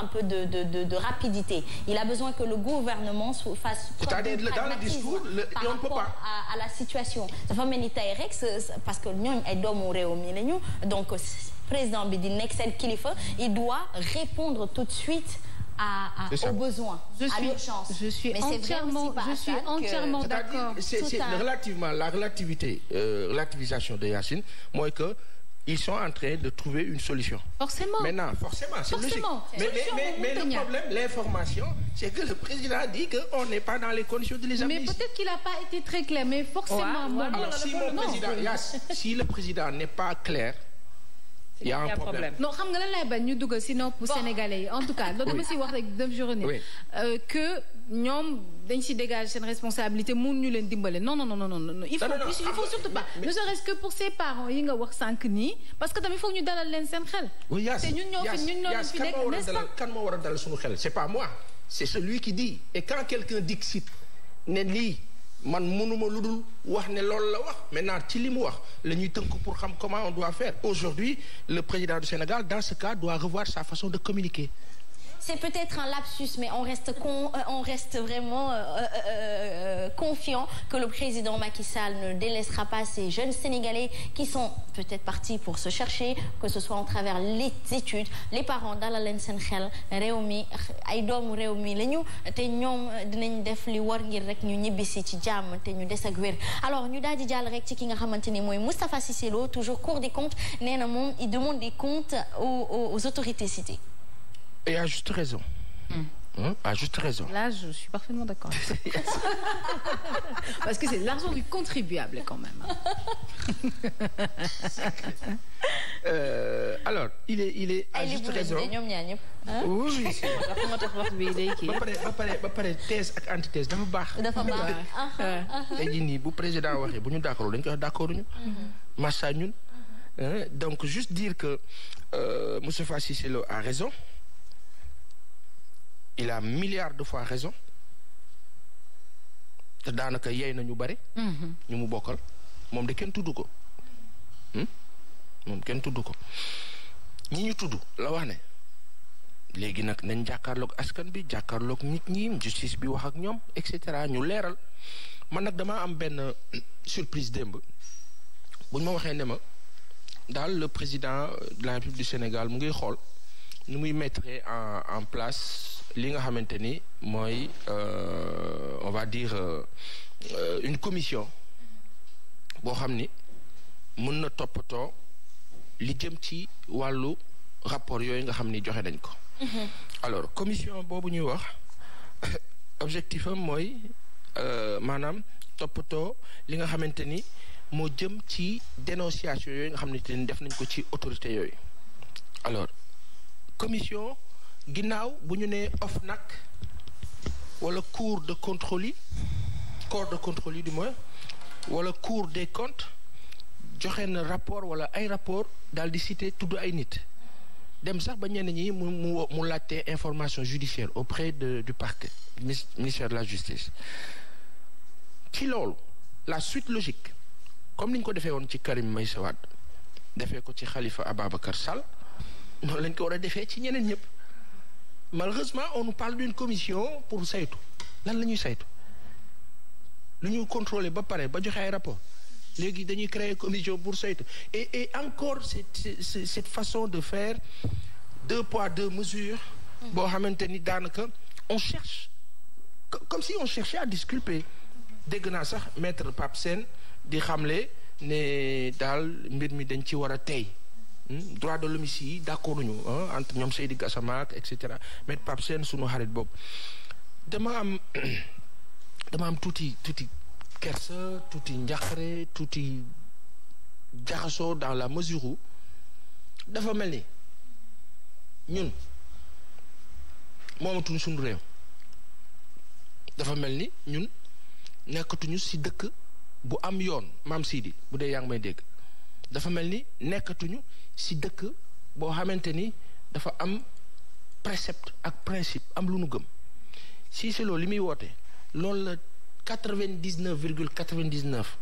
un peu de, de, de, de rapidité. Il a besoin que le gouvernement fasse. cest à dans le discours par rapport À, la situation dafa mel ni tey rek euh, parce que ñooñu ay doomu réew mi la donc euh, président bi di nekk seen kilifa il doit répondre tout de suite. À, à, aux besoins, je la relativité euh, relativisation de Yacine mooy que ils sont en train de trouver une solution. Forcément. Maintenant, forcément, le problème, l'information, c'est que le président dit qu'on n'est pas dans les conditions de les amnistie. Mais peut-être qu'il n'a pas été très clair, mais forcément. moi, alors, si le président n'est pas clair, y' a un problème non xam nga lan la bañ ñu dugal si nopp sénégalais yi en tout cas. loolu dama si wax rek dem journée. Euh, que ñoom dañ si dégager seen responsabilité mun ñu leen dimbale non non non non non il faut il ah, faut surtout pas ne serait-ce que pour ses parents yi nga wax sànq nii parce que tamit foog ñu dalal leen seen xel. te ñun ñoo fi ñun ñoo fi nekk nest pas kan moo war a dalal suñu xel c'est pas moi c'est celui qui dit et quand quelqu'un man mënuma lu dul wax ne loolu la wax maintenant ci li mu wax la ñuy tënk pour xam comment on doit faire aujourd'hui le président du Sénégal dans ce cas doit revoir sa façon de communiquer c'est peut-être un lapsus mais on reste con euh, vraiment euh, euh, confiant que le président Macky Sall ne délaissera pas ces jeunes Sénégalais qui sont peut-être partis pour se chercher que ce soit en travers les études les parents dalal leen seen xel réew mi ay doomu réew mi la ñu te ñoom euh, dinañ def li war ngir rek ñu ñibbisi ci jàmm te ñu des ak wér alors ñu daal di jàll rek ci ki nga xamante ni mooy Moustapha Cissé Lo toujours Cour des comptes nee na moom il demande des comptes aux, aux, aux autorités citées. Et à juste raison. Hmm. à ah, juste raison. Là, je suis parfaitement d'accord. Parce que c'est l'argent du contribuable quand même. euh, alors il est il est à ah, juste raison. oui. ba pare ba pare ba pare ak antithèse dafa baax. baax ah, tey jii nii bu président waxee bu ñu d'accord dañ koy wax d'accord ñu. Mhm. massa mhm. donc juste dire que euh, Moustapha Cissé Lo a raison. il a de fois raison te daanaka yey na ñu bari. Mhm. ñu mu bokkal moom de kenn tudd ko hmm? moom kenn tudd ko ñi ñu tudd la wax ne léegi nag nañ jàkkaarloog askan bi jàkkarlook nit ñi justice bi wax ak ñoom et cetera ñu leeral man nag damaa am benn surprise démb bu ñu ma waxee ne ma daal le président la République Sénégal mu ngi xool nu muy mettre en en place. li nga xamante ni mooy euh, on va dire euh, une commission boo xam ni mën na toppatoo li jëm ci wàllu rapport yooyu nga xam ni joxe nañ ko. Mm-hmm. alors commission boobu ñuy wax objectif am mooy euh, maanaam toppatoo li nga xamante ni moo jëm ci dénonciation yooyu nga xamante ni def nañ ko ci autorité yooyu alors commission. ginnaaw bu ñu nee nag wala cour de contrôle yi corps de contrôle yi du moins wala cour des comptes joxe na rapport wala ay rapport daal di cité tudd ay nit dem sax ba ñenn ñi mu mu mu laajte information judiciaire auprès de du parquet ministère de la justice ci loolu la suite logique comme ni ko defee woon ci Karim Meïssa Wade defee ko ci Khalifa Ababacar Sall noonu lañ ko war a defee ci ñeneen ñëpp malheureusement on nous parle d'une commission pour saytu lan la ñuy saytu lu ñu contrôler ba pare ba joxe ay rapport léegi dañuy créer commission pour saytu et et encore cette cette façon de faire deux poids deux mesures boo xamante ni daanaka on cherche comme si on cherchait à disculper dégg naa sax maître Pape Sène di xamle ne daal mbir mi dañ ci war a tey Hmm? droit de l'homme yi d' accord ñu entre ñoom Seydi Gassama ak et cetera maître Pape Sène sunu xarit boobu dama am dama am tuuti tuuti kersa tuuti njaqare tuuti jaxasoo dans la mesure dafa mel ni ñun moomatuñ suñu réew dafa mel ni ñun nekkatuñu ci dëkk bu am yoon maam Sidi bu dee yaa ngi may dégg dafa mel ni nekkatuñu si dëkk boo xamante ni dafa am précepte ak principe am lu nu gëm si si loolu li muy woote loolu la quatre-vingt-dix-neuf virgule quatre-vingt-dix-neuf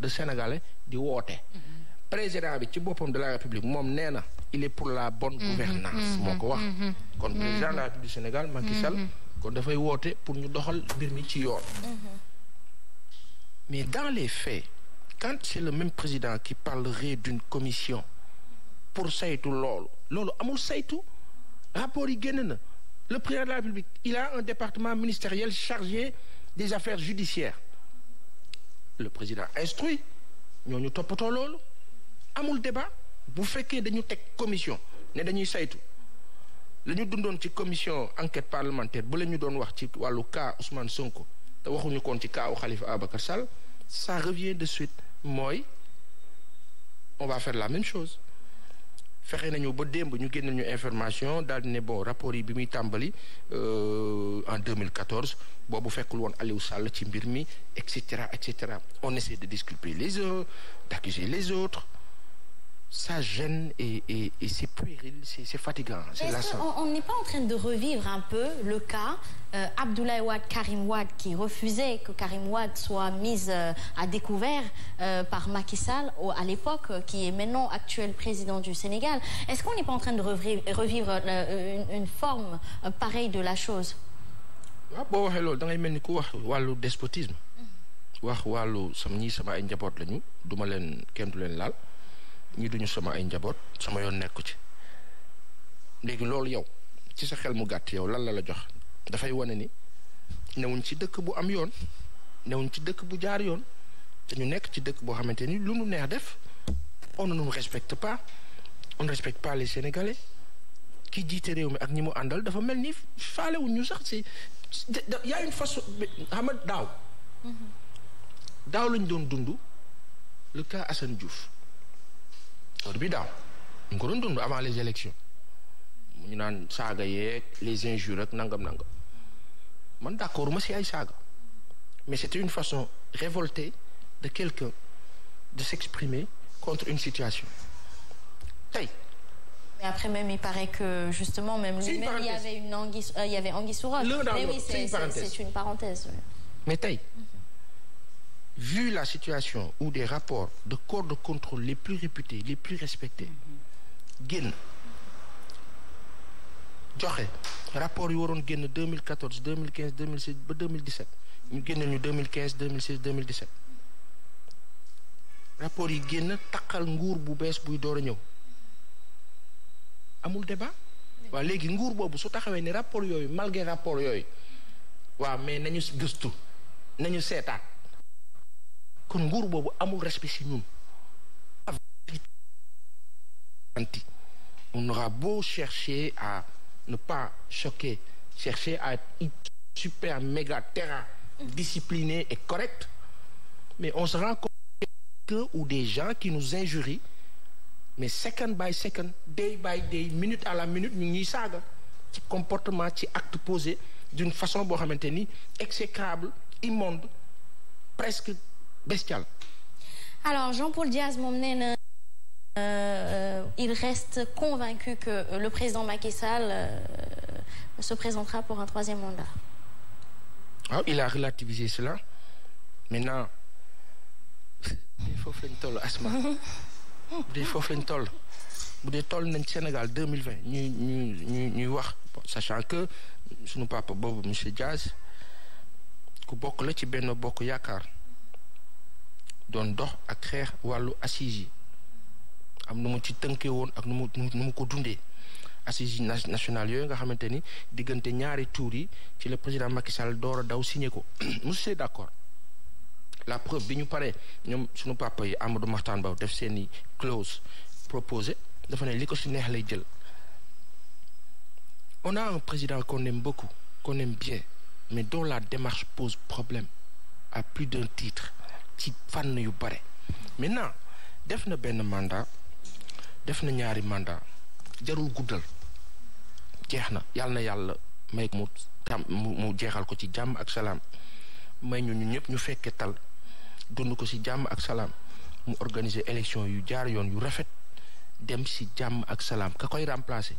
de sénégalais di woote. Mm-hmm. président bi ci boppam de la république moom nee na il est pour la bon mm-hmm. gouvernance mm-hmm. moo ko wax kon président la république du Sénégal Macky Sall kon dafay woote pour ñu doxal mbir mi ci yoon mais dans les faits quand c'est le même président qui parlerait d'une commission pour saytu loolu loolu amul saytu rapport yi génn na le président de la République il a un département ministériel chargé des affaires judiciaires le président instruit ñu toppatoo loolu amul débat bu fekkee dañu teg commission ne dañuy saytu la ñu dundoon ci commission enquête parlementaire bu la ñu doon wax ci wàllu cas Ousmane Sonko te waxuñu koon ci cas u Khalifa Ababacar Sall ça revient de suite mooy on va faire la même chose fexe nañu ba démb ñu génne ñu information daal di ne bon rapport bi muy tàmbali euh, en 2014 boobu fekkul woon Aliou Sall ci mbir mi et cetera et cetera on essaie de disculper les uns d'accuser les autres ça gêne et, et, et c'est puéril, c'est fatigant, c'est lassant. On n'est pas en train de revivre un peu le cas euh, Abdoulaye Wade, Karim Wade qui refusait que Karim Wade soit mise euh, à découvert euh, par Macky Sall au, à l'époque, euh, qui est maintenant actuel président du Sénégal. Est-ce qu'on n'est pas en train de revivre, revivre euh, une, une, forme euh, pareille de la chose waaw ah, boo waxee loolu da ngay mel ni ku wax wàllu despotisme mm. wax wàllu sam ñii sama ay njaboot lañu duma leen kenn du leen laal ñi duñu sama ay njaboot sama yoon nekku ci léegi loolu yow ci sa xel mu gàtt yow lan la la jox dafay wane ni newuñ ci dëkk bu am yoon newuñ ci dëkk bu jaar yoon dañu nekk ci dëkk boo xamante ni lu nu neex def on ne nous respecte pas on ne respecte pas les Sénégalais ki jiite réew mi ak ñi mu àndal dafa mel ni faalewuñ ñu sax si y a une daaw mm-hmm. daaw lañ doon dund le cas Assane Diouf heure bi daaw ñu ko doon dund avant les élections ñu naan saaga yeeg les injures ak nangam nangam man d'accord ma si ay saaga mais c'était une façon révoltée de quelqu'un de s'exprimer contre une situation tey. mais après même il paraît que justement même. c'est une parenthèse lui-même il y avait une anguille euh, il mais oui mais tey. Mm-hmm. vu la situation ou des rapports de corps de contrôle les plus réputés les plus respectés génn joxe rapport yu waroon génn 2014 2015 2016 ba 2017 ñu génn ñu 2015 2016 2017 rapport yi génn taqal nguur bu bees buy door a ñëw amul débat waa léegi nguur boobu su taxawee ni rapport yooyu malgré rapport yooyu waaw mais nañu gëstu nañu seetaan kon nguur boobu amul respect si ñun on aura beau chercher à ne pas choquer chercher à être super méga terrain discipliné et correct mais on se rend compte que ou des gens qui nous injurient mais second by second day by day minute à la minute ñu ngi saaga ci comportement ci acte posé d'une façon boo xamante ni exécrable immonde presque bestial. alors Jean-Paul Diaz moom nee na euh, il reste convaincu que le président Macky euh, se présentera pour un troisième mandat. Ah, il a relativisé cela maintenant foofu lañ toll asma bu dee foofu lañ toll bu dee toll nañ Sénégal deux mille vingt ñuy ñuy ñuy ñuy wax sachant que sunu papa boobu monsieur Diaz ku ci benn bokk yaakaar. doon dox ak xeex wàllu assise yi am nu mu ci tënkee woon ak nu mu nu mu ko dundee assise yi nationale yooyu nga xamante ni diggante ñaari tour yi ci le président Macky Sall door a daw signé ko monsieur d'accord la preuve bi ñu paree ñoom suñu papa yi Amadou Mahtar Mbow def seeni clause proposé dafa ne li ko si neex lay jël on a un président qu'on aime beaucoup bien mais doo la démarche pose problème à plus d'un titre ci fànn yu bare maintenant def na benn mandat def na ñaari mandat jarul guddal jeex na yàlla na yàlla may mu tam mu jeexal ko ci jàmm ak salaam may ñu ñëpp ñu fekke tal ko ci jàmm ak salaam mu organiser élection yu jaar yoon yu rafet dem ci jàmm ak salaam ka koy remplacer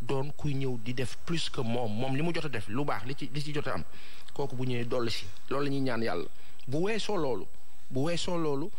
doon kuy ñëw di def plus que moom moom li mu jot a def lu baax li ci li ci jot a am kooku bu ñëwee dolli si loolu la ñaan yàlla bu weesoo loolu bu weesoo loolu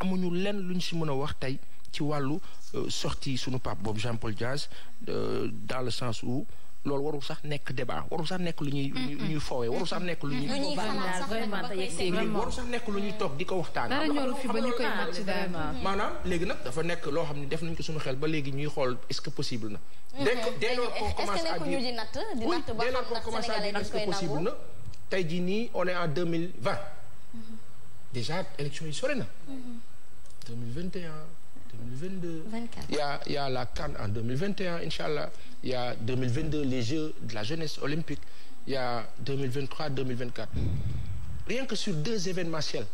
amuñu lenn ñu si mën a wax tey ci wàllu euh, sortie suñu pape boobu Jean Paul Diaz euh, dans le sens où loolu warul sax nekk débat warul sax nekk lu ñuy. lu ñuy foowee warul sax nekk lu ñuy. warul sax nekk lu ñuy toog di ko waxtaan. maanaam léegi nag dafa nekk loo xam ne def nañ ko suñu xel ba léegi ñuy xool est-ce que possible na. dès lors qu'on commence à dire di natt di natt ba xam ndax Sénégalais na tey jii nii on est en deux déjà élection yi sore na. 2021 2022. 24 il y a il y a la CAN en incha allah il y a les Jeux de la jeunesse olympique il y a 2023 2024 rien que sur deux événementiels.